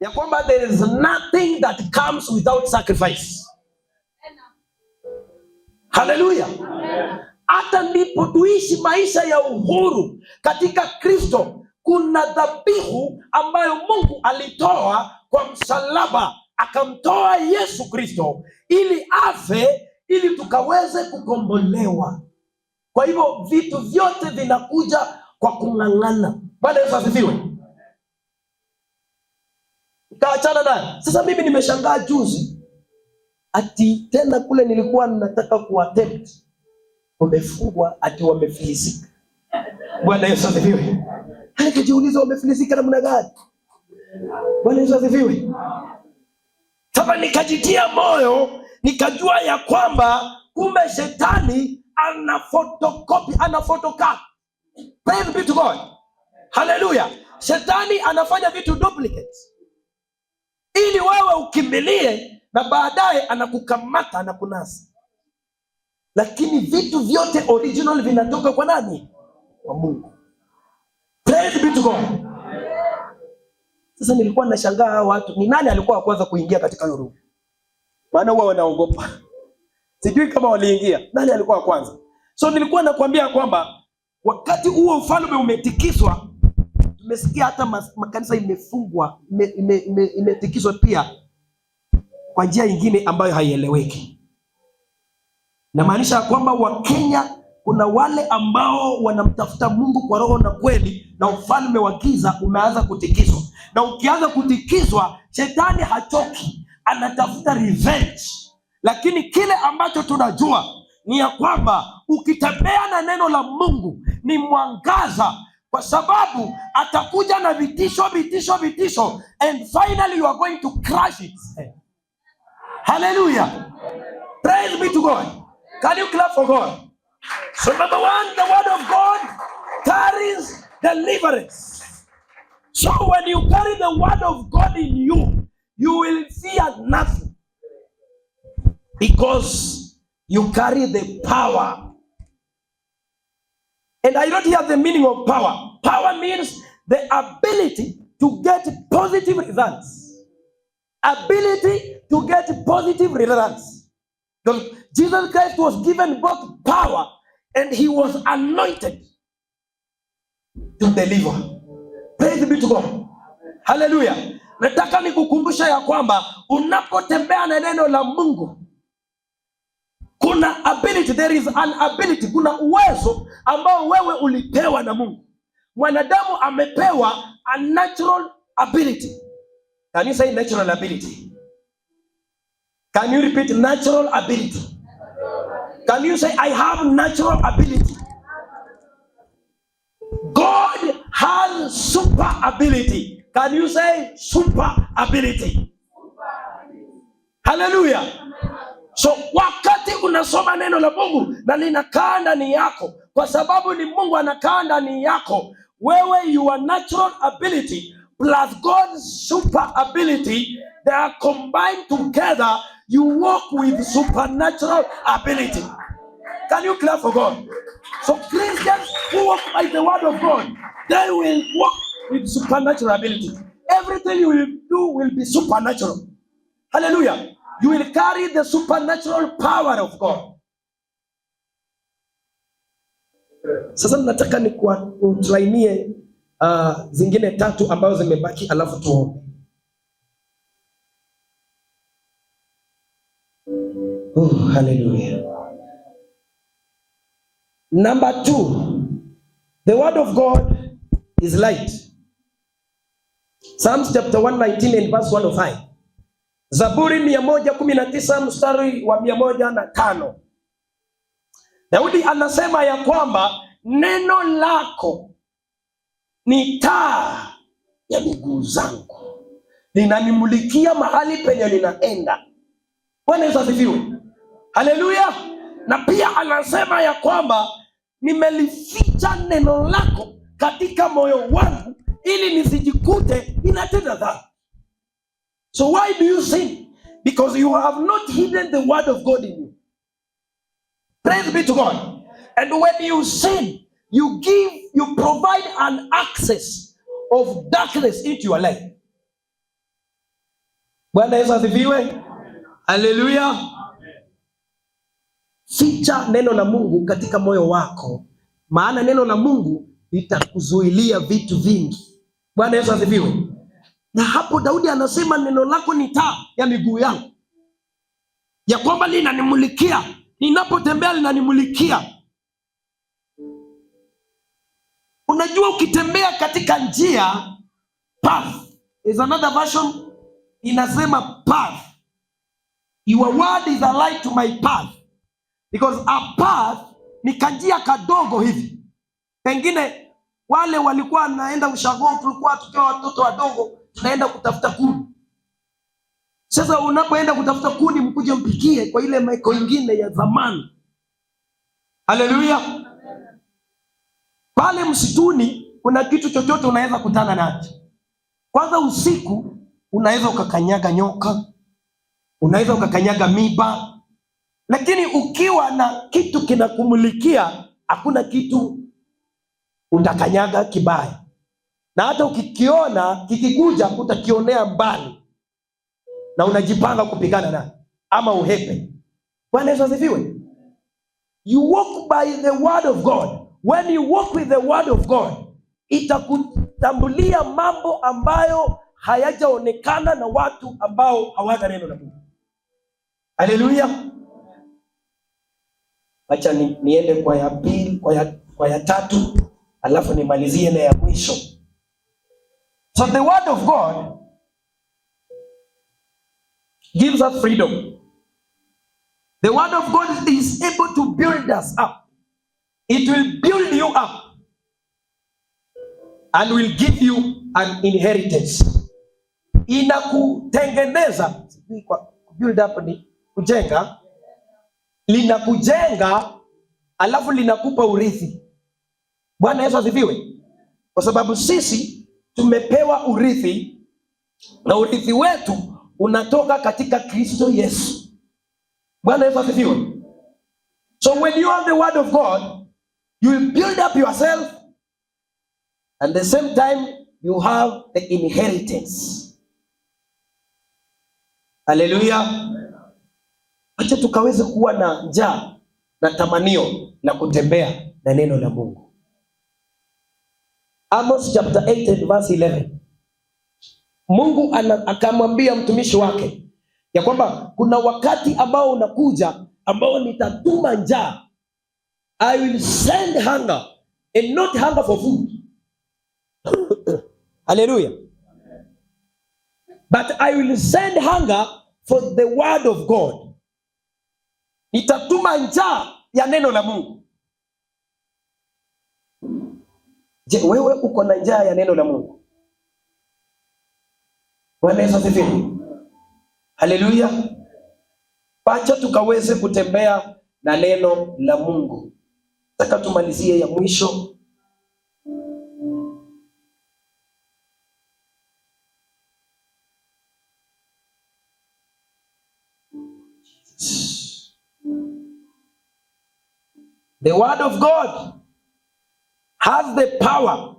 ya kwamba there is nothing that comes without sacrifice. Haleluya! Hata ndipo tuishi maisha ya uhuru katika Kristo, kuna dhabihu ambayo Mungu alitoa kwa msalaba, akamtoa Yesu Kristo ili afe, ili tukaweze kukombolewa. Kwa hivyo vitu vyote vinakuja kwa kung'ang'ana. Bwana Yesu asifiwe kaachana naye. Sasa mimi nimeshangaa juzi, ati tena kule nilikuwa nataka kuattempt, wamefungwa ati wamefilisika. Bwana Yesu asifiwe. Nikajiuliza yaani wamefilisika namna gani? Bwana Yesu asifiwe. Sasa nikajitia moyo, nikajua ya kwamba kumbe shetani ana photocopy, ana photocopy. Praise be to God. Hallelujah. Shetani anafanya vitu duplicate ili wewe ukimbilie, na baadaye anakukamata anakunasa. Lakini vitu vyote original vinatoka kwa nani? Kwa Mungu. Praise be to God. Sasa nilikuwa nashangaa hao watu ni nani alikuwa wa kwanza kuingia katika hiyo room, maana huwa wanaogopa, sijui kama waliingia, nani alikuwa wa kwanza. So nilikuwa nakwambia kwamba wakati huo ufalme umetikiswa mesikia hata makanisa imefungwa, imetikiswa pia kwa njia nyingine ambayo haieleweki. Namaanisha kwamba Wakenya kuna wale ambao wanamtafuta Mungu kwa roho na kweli, na ufalme wa giza umeanza kutikizwa Na ukianza kutikizwa, shetani hachoki, anatafuta revenge. Lakini kile ambacho tunajua ni ya kwamba ukitembea na neno la Mungu ni mwangaza kwa sababu atakuja na vitisho vitisho vitisho, and finally you are going to crush it. Hallelujah, praise be to God. Can you clap for God? So number one, the word of God carries deliverance. So when you carry the word of God in you, you will fear nothing because you carry the power And I don't hear the meaning of power. Power means the ability to get positive results. Ability to get positive results. Because Jesus Christ was given both power and he was anointed to deliver. Praise be to God. Hallelujah. Nataka nikukumbusha ya kwamba unapotembea na neno la Mungu kuna ability, there is an ability, kuna uwezo ambao wewe ulipewa na Mungu. Mwanadamu amepewa a natural ability. Can you say natural ability? Can you repeat natural ability? Can you say I have natural ability? God has super ability. Can you say super ability? Hallelujah. So wakati unasoma neno la Mungu na linakaa ndani yako, kwa sababu ni Mungu anakaa ndani yako wewe, your natural ability plus God's super ability they are combined together, you walk with supernatural ability. Can you clap for God? So Christians who walk by the word of God, they will walk with supernatural ability. Everything you will do will be supernatural. Hallelujah you will carry the supernatural power of God. Sasa nataka ni kutlainie uh, zingine tatu ambazo zimebaki alafu tuombe. Oh, hallelujah. Number two, the word of God is light. Psalms chapter 119 and verse 105. Zaburi mia moja tisa mstari wa mia moja na tano Daudi anasema ya kwamba neno lako ni taa ya miguu zangu, linanimulikia mahali penye ninaenda. Bwana Yesu asifiwe, haleluya. Na pia anasema ya kwamba nimelificha neno lako katika moyo wangu, ili nisijikute inatenda dhambi. So why do you sin? Because you have not hidden the word of God in you. Praise be to God. And when you sin, you give, you provide an access of darkness into your life. Bwana Yesu asifiwe. Haleluya. Ficha neno la Mungu katika moyo wako, maana neno la Mungu litakuzuilia vitu vingi. Bwana Yesu asifiwe. Na hapo Daudi anasema neno lako ni taa ya miguu yangu, ya kwamba linanimulikia ninapotembea, linanimulikia. Unajua, ukitembea katika njia path is another version inasema path, your word is a light to my path because a path ni kanjia kadogo hivi, pengine wale walikuwa wanaenda ushago, tulikuwa tukiwa watoto wadogo tunaenda kutafuta kuni. Sasa unapoenda kutafuta kuni, mkuje mpikie kwa ile maiko ingine ya zamani. Haleluya! Pale msituni kuna kitu chochote unaweza kutana nacho. Kwanza usiku unaweza ukakanyaga nyoka, unaweza ukakanyaga miba, lakini ukiwa na kitu kinakumulikia hakuna kitu utakanyaga kibaya na hata ukikiona kikikuja utakionea mbali na unajipanga kupigana na ama uhepe. Bwana Yesu asifiwe. You walk by the word of God. When you walk with the word of God, itakutambulia mambo ambayo hayajaonekana na watu ambao hawana neno la Mungu. Haleluya! Acha ni, niende kwa ya pili, kwa ya, kwa ya tatu alafu nimalizie na ya mwisho. So the word of God gives us freedom. The word of God is able to build us up. It will build you up and will give you an inheritance. Inakutengeneza, build up ni kujenga, linakujenga alafu linakupa urithi. Bwana Yesu asifiwe, kwa sababu sisi tumepewa urithi na urithi wetu unatoka katika Kristo Yesu. Bwana Yesu asifiwe. So when you have the word of God, you will build up yourself and the same time you have the inheritance. Haleluya. Acha tukaweze kuwa na njaa na tamanio la kutembea na neno la Mungu. Amos chapter 8 and verse 11. Mungu akamwambia mtumishi wake ya kwamba kuna wakati ambao unakuja ambao nitatuma njaa. I will send hunger and not hunger for food. Hallelujah. But I will send hunger for the word of God. Nitatuma njaa ya neno la Mungu. Je, wewe uko na njaa ya neno la Mungu? Bwana Yesu asifiwe. Haleluya. Pacha tukaweze kutembea na neno la Mungu. Nataka tumalizie ya mwisho. The word of God has the power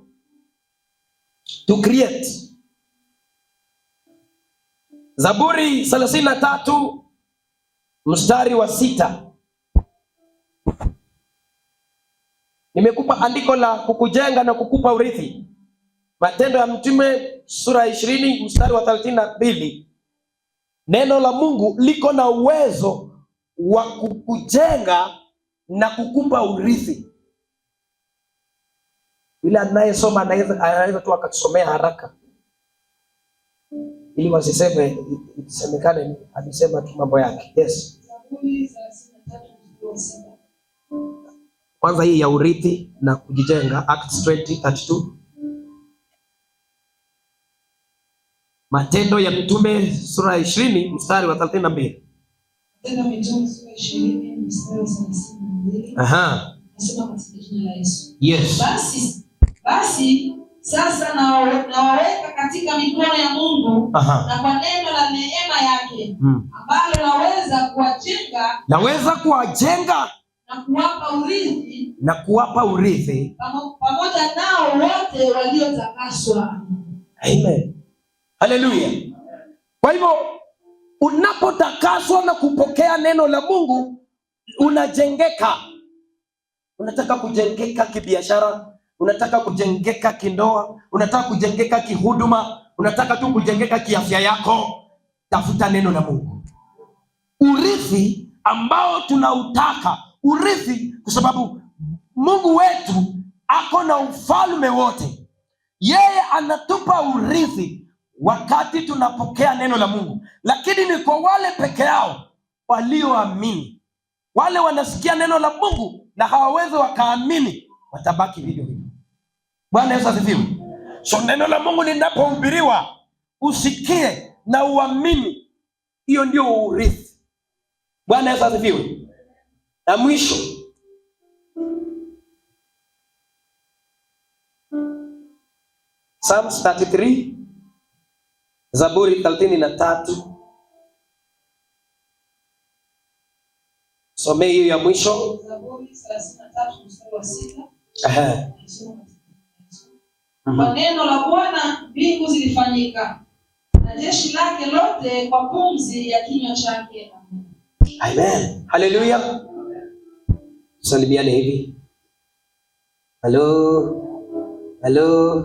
to create. Zaburi 33 mstari wa sita. Nimekupa andiko la kukujenga na kukupa urithi. Matendo ya Mtume sura ya 20 mstari wa 32. Neno la Mungu liko na uwezo wa kukujenga na kukupa urithi. Yule anayesoma anaweza tu akatusomea haraka ili wasiseme isemekane alisema tu mambo yake. Yes. Kwanza hii ya urithi na kujijenga Acts 20:32. Matendo ya Mitume sura ya 20 mstari wa 32. Matendo Mitume sura 20 mstari wa 32. Aha. Nasema katika jina la Yesu. Yes. Basi basi sasa nawaweka na katika mikono ya Mungu Aha. na kwa neno la neema yake hmm. ambalo laweza kuwajenga laweza kuwajenga na kuwapa urithi na kuwapa urithi pamoja nao wote waliotakaswa. Amen. Haleluya. Kwa hivyo unapotakaswa na kupokea neno la Mungu unajengeka. Unataka kujengeka kibiashara unataka kujengeka kindoa, unataka kujengeka kihuduma, unataka tu kujengeka kiafya yako, tafuta neno la Mungu. Urithi ambao tunautaka urithi, kwa sababu Mungu wetu ako na ufalme wote. Yeye anatupa urithi wakati tunapokea neno la Mungu, lakini ni kwa wale peke yao walioamini. Wale wanasikia neno la Mungu na hawawezi wakaamini, watabaki Bwana Yesu asifiwe. So neno la Mungu linapohubiriwa usikie na uamini, hiyo ndio urithi. Bwana Yesu asifiwe. Na mwisho Psalms 33 Zaburi 33 somee hiyo ya mwisho Zaburi 33 mstari wa 6. Kwa neno la Bwana mbingu zilifanyika na jeshi lake lote kwa pumzi ya kinywa chake. Amen. Haleluya. Salimiane hivi. Halo. Halo.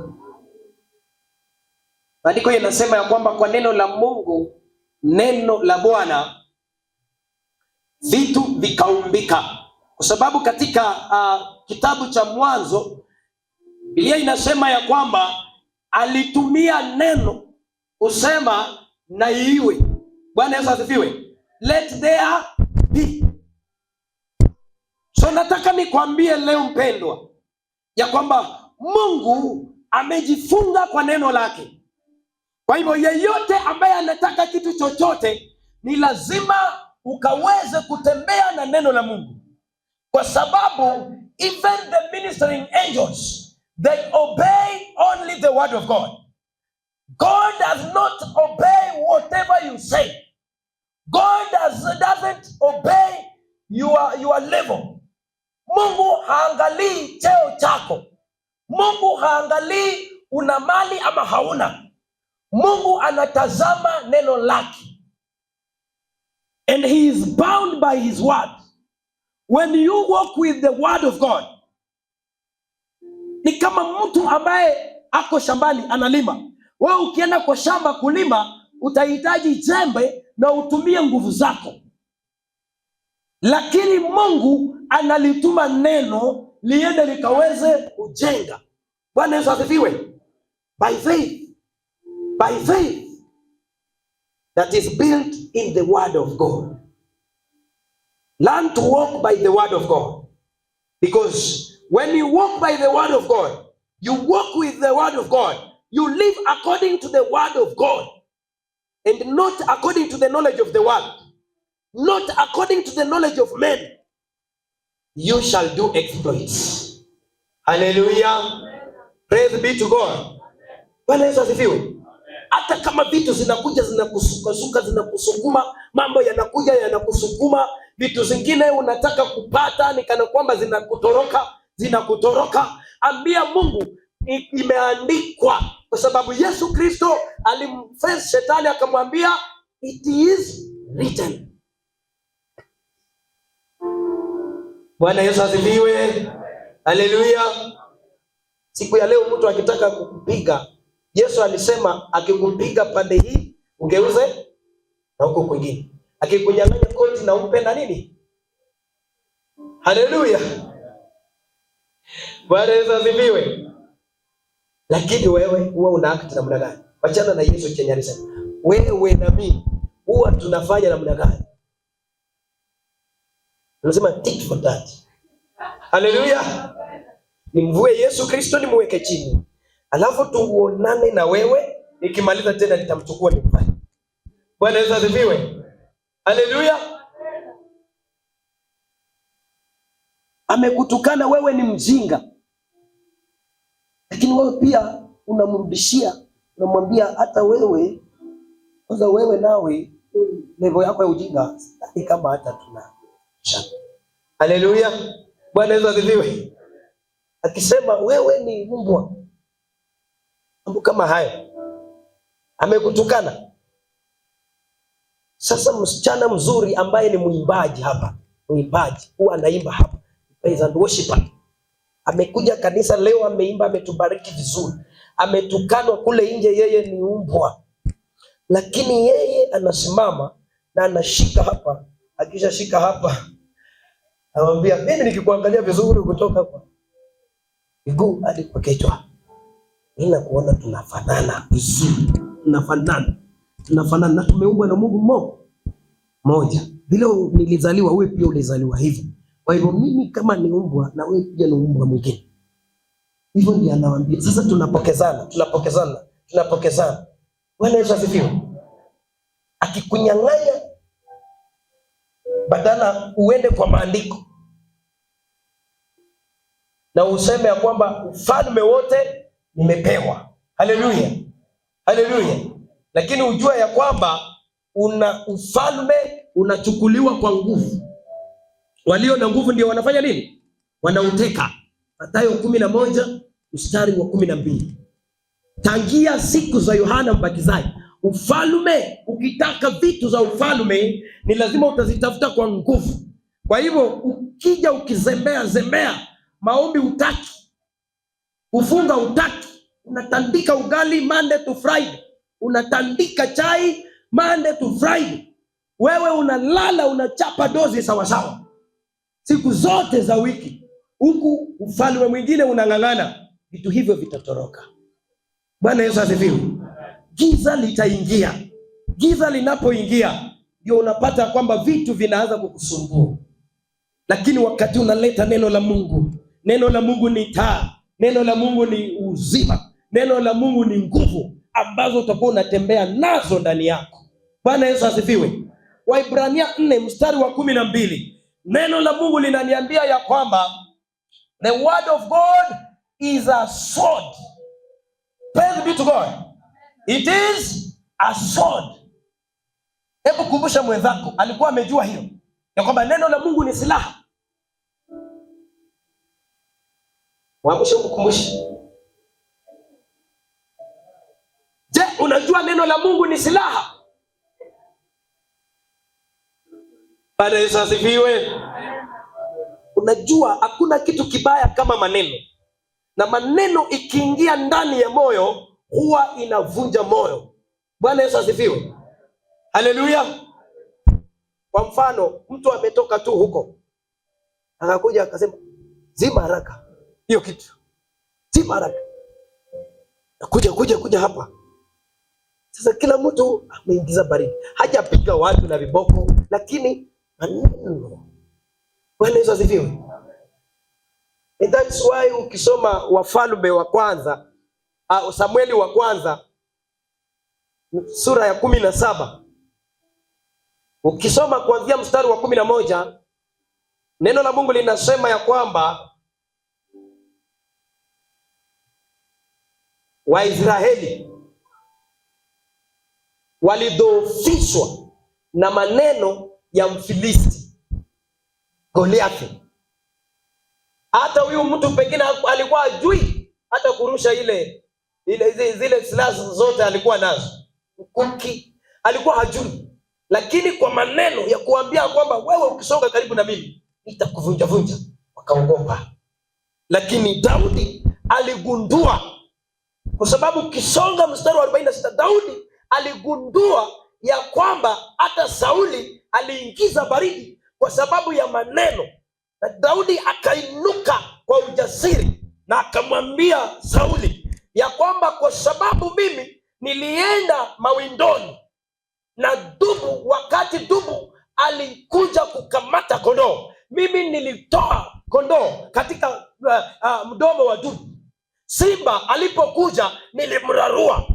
Maandiko yanasema ya kwamba kwa neno la Mungu, neno la Bwana vitu vikaumbika, kwa sababu katika uh, kitabu cha Mwanzo Biblia inasema ya kwamba alitumia neno kusema na iwe. Bwana Yesu asifiwe. Let there be. So nataka nikwambie leo mpendwa, ya kwamba Mungu amejifunga kwa neno lake. Kwa hivyo yeyote ambaye anataka kitu chochote, ni lazima ukaweze kutembea na neno la Mungu, kwa sababu even the ministering angels They obey only the word of God. God does not obey whatever you say. God does, doesn't obey your, your level. Mungu haangalii cheo chako. Mungu haangalii unamali mali ama hauna. Mungu anatazama neno lake. And he is bound by his word. When you walk with the word of God, ni kama mtu ambaye ako shambani analima. Wewe ukienda kwa shamba kulima, utahitaji jembe na utumie nguvu zako, lakini Mungu analituma neno liende likaweze kujenga. Bwana Yesu asifiwe. By faith, by faith that is built in the word of God. Learn to walk by the word of God because When you walk by the word of God, you walk with the word of God, you live according to the word of God and not according to the knowledge of the world, not according to the knowledge of men, you shall do exploits. Haleluya, praise be to God. Bwana Yesu asifiwe. Hata kama vitu zinakuja zinakusukasuka, zinakusukuma, mambo yanakuja yanakusukuma, vitu zingine unataka kupata ni kana kwamba zinakutoroka zinakutoroka. Ambia Mungu imeandikwa, kwa sababu Yesu Kristo alimfesi shetani akamwambia it is written. Bwana Yesu asifiwe, haleluya. Siku ya leo mtu akitaka kukupiga, Yesu alisema akikupiga pande hii ugeuze na huko kwingine, akikunyang'anya koti na umpe na nini? Haleluya. Bwana Yesu asifiwe. Lakini wewe huwa una act namna gani? Wachana na Yesu chenye alisema. Wewe na mimi huwa tunafanya namna gani? Unasema tick for that. Haleluya. Nimvue Yesu Kristo nimweke chini. Alafu tuonane na wewe, nikimaliza tena nitamchukua nimfanye. Bwana Yesu asifiwe. Haleluya. Amekutukana wewe ni mjinga lakini wewe pia unamrudishia, unamwambia hata wewe kwanza, wewe nawe levo yako ya ujinga sitaki kama hata tuna Haleluya, Bwana Yesu asifiwe. Akisema wewe ni mbwa, mambo kama hayo, amekutukana. Sasa msichana mzuri ambaye ni mwimbaji hapa, mwimbaji huwa anaimba hapa, praise and worship Amekuja kanisa leo, ameimba, ametubariki vizuri, ametukanwa kule nje, yeye ni umbwa, lakini yeye anasimama na anashika hapa. Akishashika hapa, anamwambia mimi nikikuangalia vizuri kutoka kwa miguu hadi kwa kichwa, ninakuona tunafanana vizuri, tunafanana, tunafanana na tumeumbwa na Mungu mmoja. Vile nilizaliwa, wewe pia ulizaliwa hivyo. Kwa hivyo mimi kama ni umbwa na wewe pia ni umbwa mwingine. Hivyo ndio anawaambia. Sasa tunapokezana, tunapokezana, tunapokezana. Bwana Yesu asifiwe. Akikunyang'anya badala uende kwa maandiko na useme ya kwamba ufalme wote nimepewa. Haleluya, haleluya! Lakini ujua ya kwamba una ufalme unachukuliwa kwa nguvu walio na nguvu ndio wanafanya nini? Wanauteka. Mathayo kumi na moja mstari wa kumi na mbili. Tangia siku za Yohana Mbatizaji, ufalme ukitaka vitu za ufalme ni lazima utazitafuta kwa nguvu. Kwa hivyo ukija ukizembea zembea, maombi utaki, kufunga utaki, unatandika ugali Monday to Friday, unatandika chai Monday to Friday, wewe unalala unachapa dozi sawasawa siku zote za wiki, huku ufalme mwingine unang'ang'ana, vitu hivyo vitatoroka. Bwana Yesu asifiwe. Giza litaingia. Giza linapoingia, ndio unapata kwamba vitu vinaanza kukusumbua, lakini wakati unaleta neno la Mungu, neno la Mungu ni taa, neno la Mungu ni uzima, neno la Mungu ni nguvu ambazo utakuwa unatembea nazo ndani yako. Bwana Yesu asifiwe. Waibrania nne mstari wa kumi na mbili Neno la Mungu linaniambia ya kwamba the word of God is a sword. Praise be to God. It is a sword. Hebu kumbusha mwenzako, alikuwa amejua hiyo ya kwamba neno la Mungu ni silaha. Mwambushe, mkumbushe. Je, unajua neno la Mungu ni silaha? Bwana Yesu asifiwe. Unajua hakuna kitu kibaya kama maneno, na maneno ikiingia ndani ya moyo huwa inavunja moyo. Bwana Yesu asifiwe, haleluya. Kwa mfano, mtu ametoka tu huko akakuja akasema, zima haraka hiyo kitu, zima haraka kuja kuja kuja hapa sasa. Kila mtu ameingiza baridi, hajapiga watu na viboko, lakini maneno. Bwana Yesu asifiwe. And that's why ukisoma Wafalme wa kwanza uh, Samueli wa kwanza sura ya kumi na saba ukisoma kuanzia mstari wa kumi na moja neno la Mungu linasema ya kwamba Waisraeli walidhoofishwa na maneno ya Mfilisti Goliathi. Hata huyu mtu pengine alikuwa ajui hata kurusha ile, ile zile silaha zote alikuwa nazo mkuki, alikuwa hajui, lakini kwa maneno ya kuambia kwamba wewe ukisonga karibu na mimi nitakuvunja vunja, wakaogopa. Lakini Daudi aligundua, kwa sababu ukisonga mstari wa 46 Daudi aligundua ya kwamba hata Sauli aliingiza baridi kwa sababu ya maneno, na Daudi akainuka kwa ujasiri na akamwambia Sauli ya kwamba kwa sababu mimi nilienda mawindoni na dubu, wakati dubu alikuja kukamata kondoo, mimi nilitoa kondoo katika uh, uh, mdomo wa dubu. Simba alipokuja nilimrarua.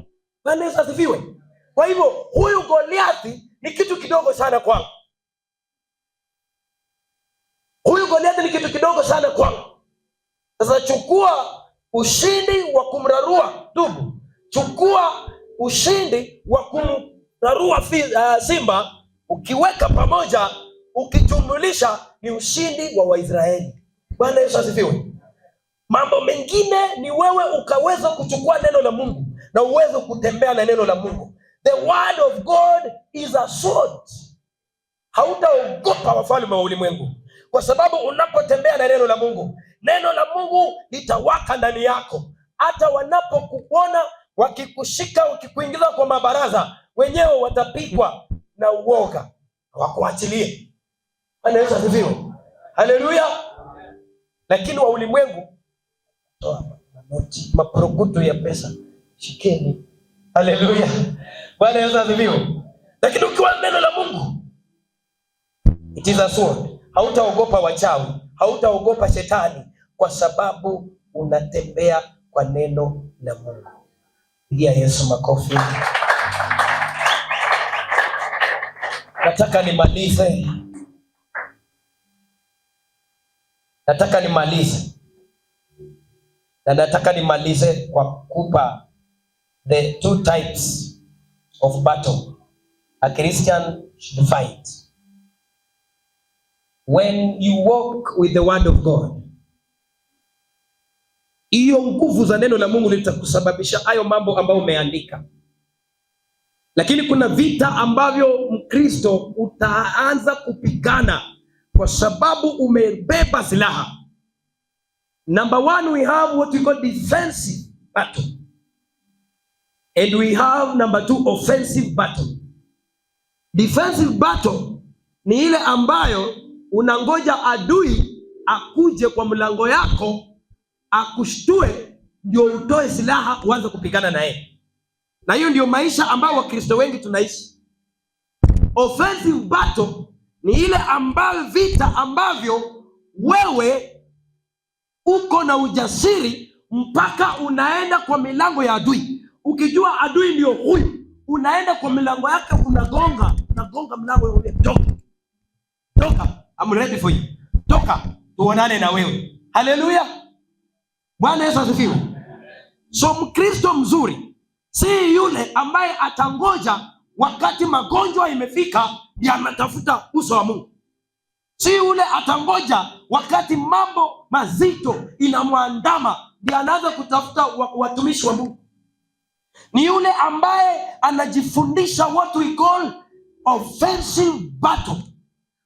Bwana Yesu asifiwe. Kwa hivyo huyu Goliathi ni kitu kidogo sana kwangu, huyu Goliathi ni kitu kidogo sana kwangu. Sasa chukua ushindi wa kumrarua dubu, chukua ushindi wa kumrarua uh, simba, ukiweka pamoja, ukijumlisha, ni ushindi wa Waisraeli. Bwana Yesu asifiwe. Mambo mengine ni wewe ukaweza kuchukua neno la Mungu na uweze kutembea na neno la Mungu. The word of God is a sword. Hautaogopa wafalume wa ulimwengu, kwa sababu unapotembea na neno la Mungu, neno la Mungu litawaka ndani yako. Hata wanapokuona wakikushika, wakikuingiza kwa mabaraza, wenyewe watapigwa na uoga, wakuachilie Anaweza vivio Haleluya! Lakini wa ulimwengu toa ya pesa, shikeni. Haleluya! Bwana Yesu asifiwe. Lakini ukiwa neno la Mungu it is a sword, hautaogopa wachawi, hautaogopa shetani, kwa sababu unatembea kwa neno la Mungu. Pigia Yesu makofi. Nataka nimalize, nataka nimalize na nataka nimalize kwa kupa the two types of battle. A Christian should fight. When you walk with the word of God, hiyo nguvu za neno la Mungu litakusababisha hayo mambo ambayo umeandika. Lakini kuna vita ambavyo Mkristo utaanza kupigana kwa sababu umebeba silaha. Number one, we have what we call defensive battle. And we have number two, offensive battle. Defensive battle ni ile ambayo unangoja adui akuje kwa mlango yako akushtue, ndio utoe silaha uanze kupigana na yeye, na hiyo ndio maisha ambayo Wakristo wengi tunaishi. Offensive battle ni ile ambayo vita ambavyo wewe uko na ujasiri mpaka unaenda kwa milango ya adui Ukijua adui ndio huyu, unaenda kwa milango yake, unagonga, unagonga mlango ule, toka toka, I'm ready for you, toka tuonane na wewe. Haleluya, Bwana Yesu asifiwe. So Mkristo mzuri si yule ambaye atangoja wakati magonjwa imefika yanatafuta uso wa Mungu, si yule atangoja wakati mambo mazito inamwandama ndio anaanza kutafuta watumishi wa Mungu ni yule ambaye anajifundisha what we call offensive battle.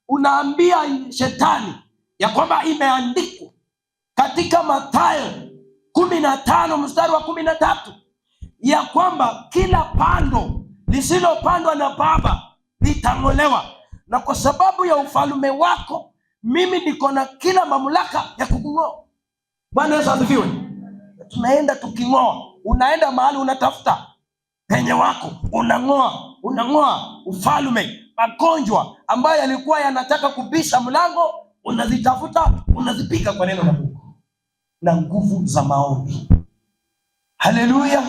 Unaambia shetani ya kwamba imeandikwa katika Mathayo kumi na tano mstari wa kumi na tatu ya kwamba kila pando lisilopandwa na Baba litang'olewa, na kwa sababu ya ufalume wako mimi niko na kila mamlaka ya kukung'oa. Bwana Yesu asifiwe. Tunaenda tuking'oa unaenda mahali unatafuta penye wako, unang'oa unang'oa ufalume, magonjwa ambayo yalikuwa yanataka kubisha mlango, unazitafuta unazipiga kwa neno la Mungu na nguvu za maombi. Haleluya,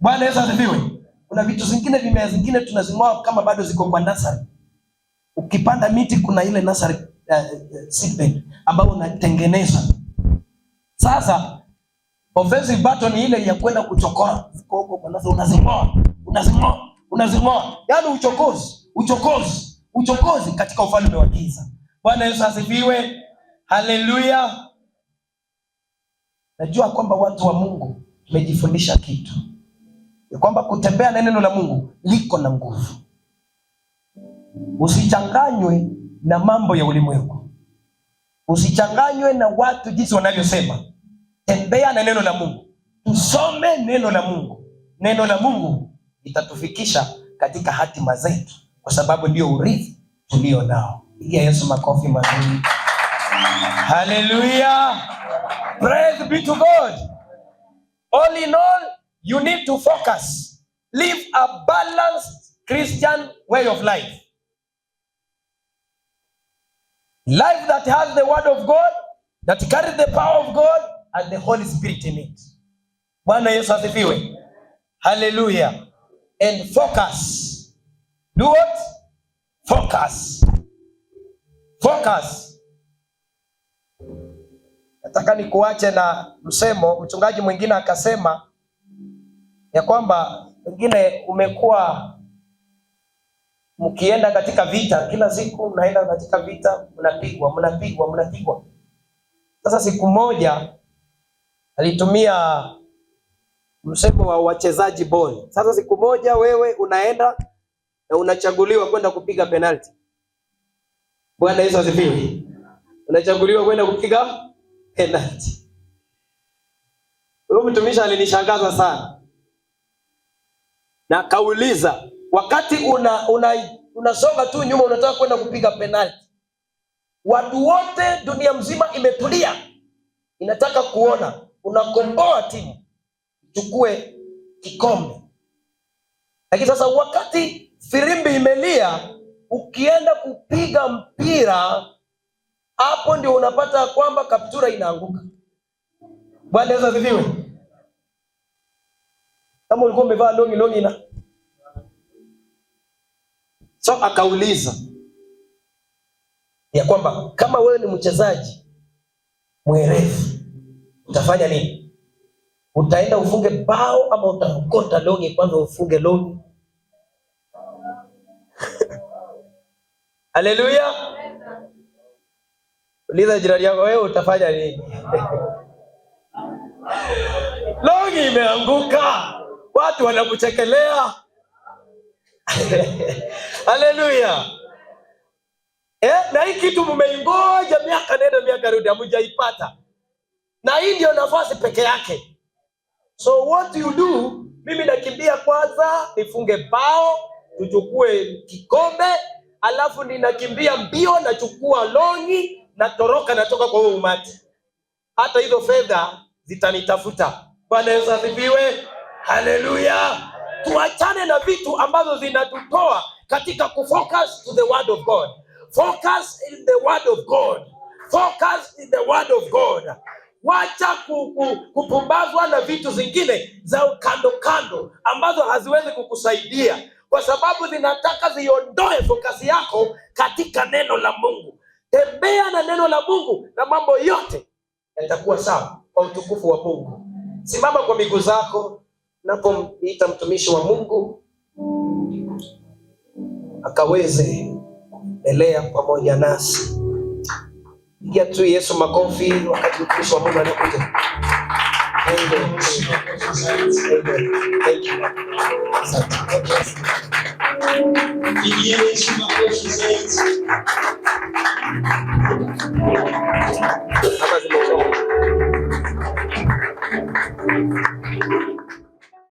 Bwana Yesu asifiwe. Kuna vitu zingine, vimea zingine tunazing'oa kama bado ziko kwa nasari. Ukipanda miti kuna ile nasari uh, uh, seedbed ambayo unatengeneza sasa Offensive button ni ile ya kwenda kuchokora, ziko huko banazo, unazimoa unazimoa unazimoa, yaani uchokozi uchokozi uchokozi katika ufalme wa giza. Bwana Yesu asifiwe, haleluya. Najua kwamba watu wa Mungu tumejifundisha kitu ya kwamba kutembea na neno la Mungu liko na nguvu. Usichanganywe na mambo ya ulimwengu, usichanganywe na watu jinsi wanavyosema Tembea na neno la Mungu, tusome neno la Mungu. Neno la Mungu litatufikisha katika hatima zetu, kwa sababu ndio urithi tulio nao. Pigia Yesu makofi mazuri. Haleluya, praise be to God. All in all, you need to focus, live a balanced Christian way of life, life that has the word of God, that carries the power of God and the Holy Spirit in it. Bwana Yesu asifiwe. Hallelujah. And focus. Do what? Focus. Focus. Nataka nikuache na msemo. Mchungaji mwingine akasema ya kwamba wengine umekuwa mkienda katika vita kila siku, mnaenda katika vita, mnapigwa, mnapigwa, mnapigwa. Sasa siku moja alitumia msemo wa wachezaji bora. Sasa siku moja wewe unaenda na unachaguliwa kwenda kupiga penalti. Bwana Yesu asifiwe. Unachaguliwa kwenda kupiga penalti. Huyo mtumishi alinishangaza sana, na kauliza wakati una, una, unasonga tu nyuma unataka kwenda kupiga penalti, watu wote dunia mzima imetulia, inataka kuona unakomboa timu chukue kikombe. Lakini sasa wakati firimbi imelia, ukienda kupiga mpira, hapo ndio unapata kwamba kaptura inaanguka. Bwana viviwe Kama ulikuwa umevaa longi longi na so, akauliza ya kwamba kama wewe ni mchezaji mwerefu utafanya nini? Utaenda ufunge bao ama utaokota longi kwanza ufunge longi? Haleluya! Uliza jirani yako, wewe utafanya nini? longi imeanguka, watu wanakuchekelea. Haleluya! Eh, na hii kitu mmeingoja miaka nenda miaka rudi, hamujaipata na hii ndio nafasi peke yake. So what you do, mimi nakimbia kwanza nifunge bao, tuchukue kikombe, alafu ninakimbia mbio, nachukua longi, natoroka, natoka kwa huo umati. Hata hizo fedha zitanitafuta. Bwana Yesu asifiwe, haleluya. Tuachane na vitu ambazo zinatutoa katika kufocus to the word of God. Focus in the word of God. Focus in the word of God. Wacha kupumbazwa na vitu zingine za kando kando ambazo haziwezi kukusaidia, kwa sababu zinataka ziondoe fokasi yako katika neno la Mungu. Tembea na neno la Mungu na mambo yote yatakuwa sawa kwa utukufu wa Mungu. Simama kwa miguu zako napomita mtumishi wa Mungu akaweze elea pamoja nasi. Pigia tu Yesu makofi wakati mtumishi wa Mungu anakuja. Pigia Yesu Deus. zaidi. Hapa zimetoka.